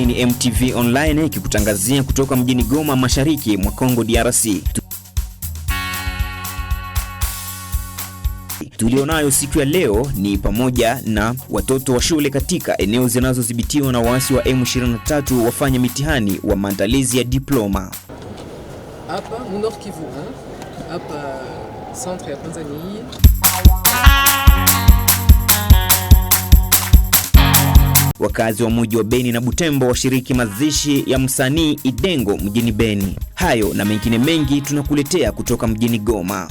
yake ni MTV Online ikikutangazia kutoka mjini Goma, mashariki mwa Kongo DRC. Tulionayo siku ya leo ni pamoja na watoto wa shule katika eneo zinazodhibitiwa na waasi wa M23 wafanya mitihani wa maandalizi ya diploma. Hapa Nord Kivu, hapa centre ya Tanzania. Wakazi wa mji wa Beni na Butembo washiriki mazishi ya msanii Idengo mjini Beni. Hayo na mengine mengi tunakuletea kutoka mjini Goma.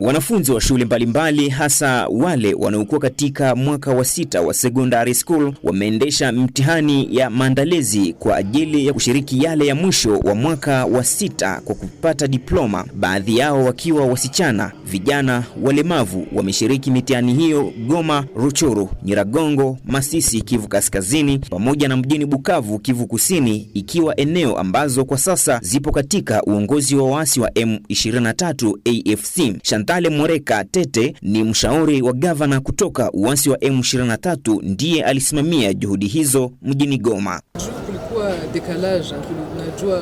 Wanafunzi wa shule mbalimbali hasa wale wanaokuwa katika mwaka wa sita wa secondary school wameendesha mtihani ya maandalizi kwa ajili ya kushiriki yale ya mwisho wa mwaka wa sita kwa kupata diploma. Baadhi yao wakiwa wasichana, vijana walemavu wameshiriki mitihani hiyo Goma, Ruchuru, Nyiragongo, Masisi, Kivu Kaskazini pamoja na mjini Bukavu, Kivu Kusini, ikiwa eneo ambazo kwa sasa zipo katika uongozi wa waasi wa M23 AFC Shanta Sahle Moreka Tete ni mshauri wa gavana kutoka uasi wa M23, ndiye alisimamia juhudi hizo mjini Goma. Kulikuwa dekalage, tunajua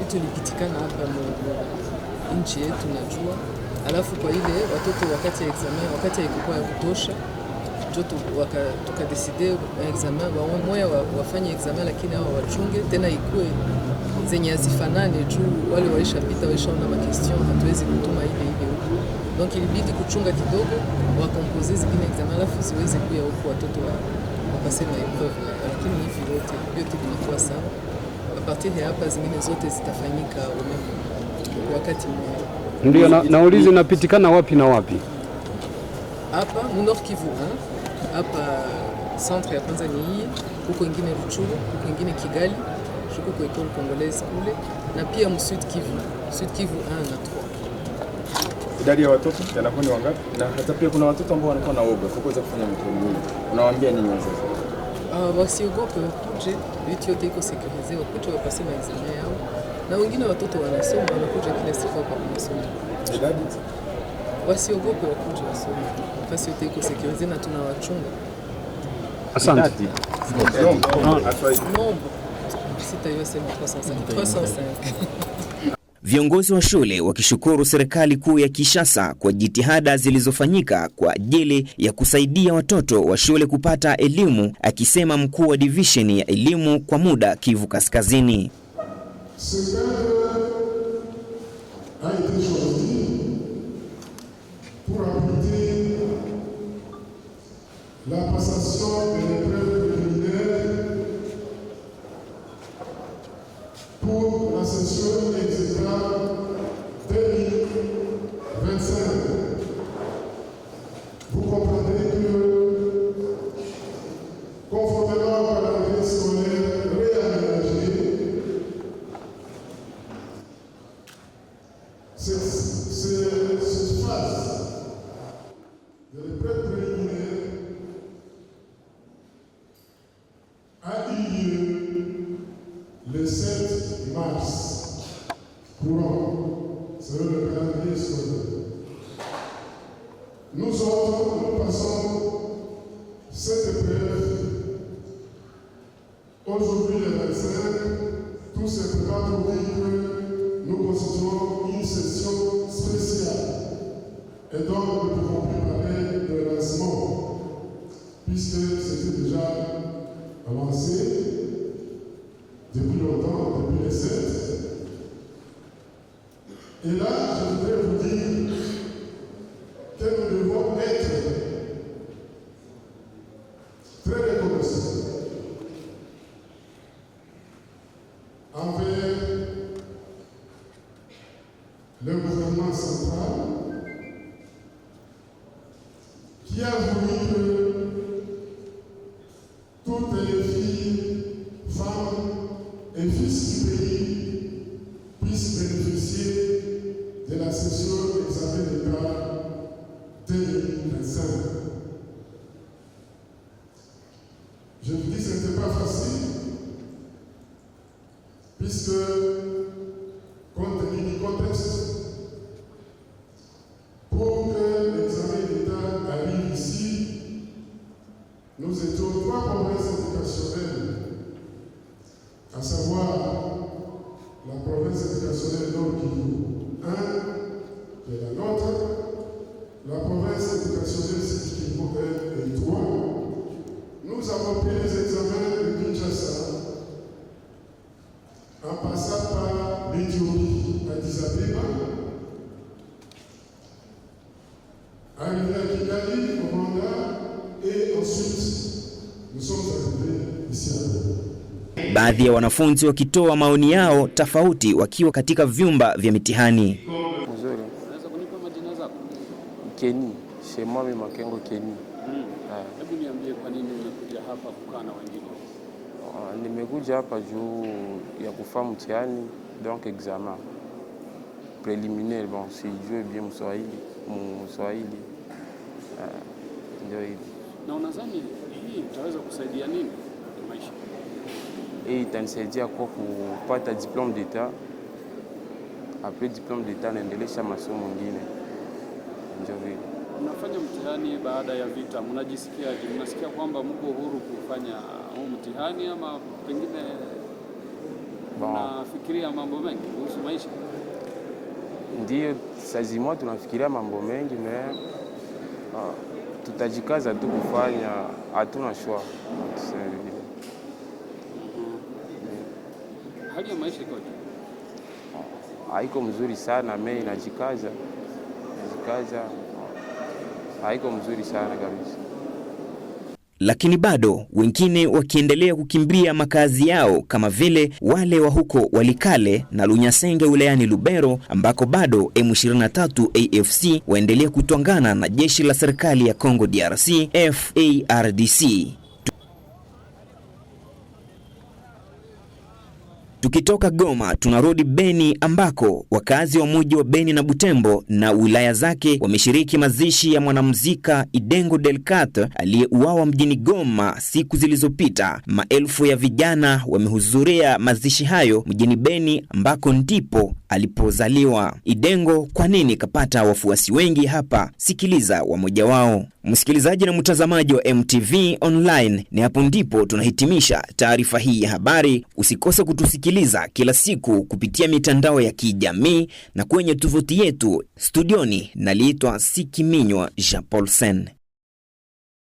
vitu likitikana hapa nchi yetu, najua alafu kwa ile watoto wakati ya examen, wakati haikuwa ya kutosha tukadeside eh, examen wa wamoya wafanye examen, lakini hawa wachunge tena ikue zenye hazifanani tu wale waishapita waishaona makestion, hatuwezi kutuma ile ile huku, donc ilibidi kuchunga kidogo, wakompoze zingine examen alafu ziweze kuya huku watoto wa wakasema epreuve, lakini hivi yote yote vinakuwa sawa. Apartir ya hapa zingine zote zitafanyika umeme wakati mmoja. Ndio na, napitikana wapi na wapi? Hapa Nord Kivu hapa centre ya kwanza ni hii, huko ingine Ruchuru, huko ingine Kigali tuko kwa école congolaise kule na pia msud Kivu, Sud Kivu 1 na 3. Idadi ya watoto yanakuwa ni wangapi? Na hata pia kuna watoto ambao wanakuwa na uoga kwa kuweza kufanya mtu mwingine, unawaambia nini wazazi? Uh, wasiogope, wakuje, vitu yote iko sekurize, wakuje wapase maexamen yao, na wengine watoto wanasoma, wanakuja kila siku hapa kwa masomo. Idadi wasiogope, wakuje wasome, nafasi yote iko sekurize na tunawachunga. Asante. Nombre. Viongozi wa shule wakishukuru serikali kuu ya Kinshasa kwa jitihada zilizofanyika kwa ajili ya kusaidia watoto wa shule kupata elimu, akisema mkuu wa divisheni ya elimu kwa muda Kivu Kaskazini. cette, cette, cette phase de l'épreuve préliminaire a eu lieu le 7 mars courant, selon le calendrier scolaire. Nous autres, nous passons cette épreuve aujourd'hui le 25, tout se prépare pour vivre nous constituons une session spéciale et donc nous pouvons préparer le lancement puisque c'était déjà avancé depuis longtemps, depuis les sept. Et là, je voudrais vous dire que nous devons être très reconnaissants envers le gouvernement central qui a voulu que toutes les filles, femmes et fils du pays puissent bénéficier de la session d'examen d'État 2025. Je vous dis que ce n'était pas facile, puisque à savoir la province éducationnelle Nord-Kivu 1, qui est la nôtre, la province éducationnelle Sud-Kivu 1 et 3. Nous avons pris les examens de Kinshasa en passant par l'Éthiopie, à à arrivé à Kigali, au Rwanda, et ensuite nous sommes arrivés ici à Rwanda. baadhi ya wanafunzi wakitoa maoni yao tofauti wakiwa katika vyumba vya mitihani. Keni, Shemame Makengo Keni. Hmm. Ah. Hebu niambie kwa nini umekuja hapa kukaa na wengine? Ah, nimekuja hapa juu ya kufaa mtihani donc examen preliminaire, bon sijue bien Mswahili, Mswahili ah, ndio hivi. Na unadhani hii itaweza kusaidia nini? hii itanisaidia kwa kupata diplome d'etat. Apre diplome d'etat naendelesha masomo mengine. Ndio vile unafanya mtihani baada ya vita, mnajisikiaje? Mnasikia kwamba mko huru kufanya huu mtihani ama pengine mnafikiria mambo mengi kuhusu maisha? ndio sazima tunafikiria mambo mengi me ah, tutajikaza tu kufanya, hatuna shwa tuseme hali ya maisha ikoje? Ah, haiko mzuri sana, mimi najikaza, najikaza, haiko mzuri sana kabisa. Lakini bado wengine wakiendelea kukimbia makazi yao kama vile wale wa huko Walikale na Lunyasenge wilayani Lubero ambako bado M23 AFC waendelea kutwangana na jeshi la serikali ya Congo DRC FARDC. Tukitoka Goma tunarudi Beni ambako wakazi wa muji wa Beni na Butembo na wilaya zake wameshiriki mazishi ya mwanamuzika Idengo Delcat aliyeuawa mjini Goma siku zilizopita. Maelfu ya vijana wamehudhuria mazishi hayo mjini Beni ambako ndipo alipozaliwa. Idengo kwa nini kapata wafuasi wengi hapa? Sikiliza moja wao. Msikilizaji na mtazamaji wa MTV Online, ni hapo ndipo tunahitimisha taarifa hii ya habari. Usikose kutusikiliza kila siku kupitia mitandao ya kijamii na kwenye tovuti yetu. Studioni naliitwa Sikiminywa Jean Paul Sen.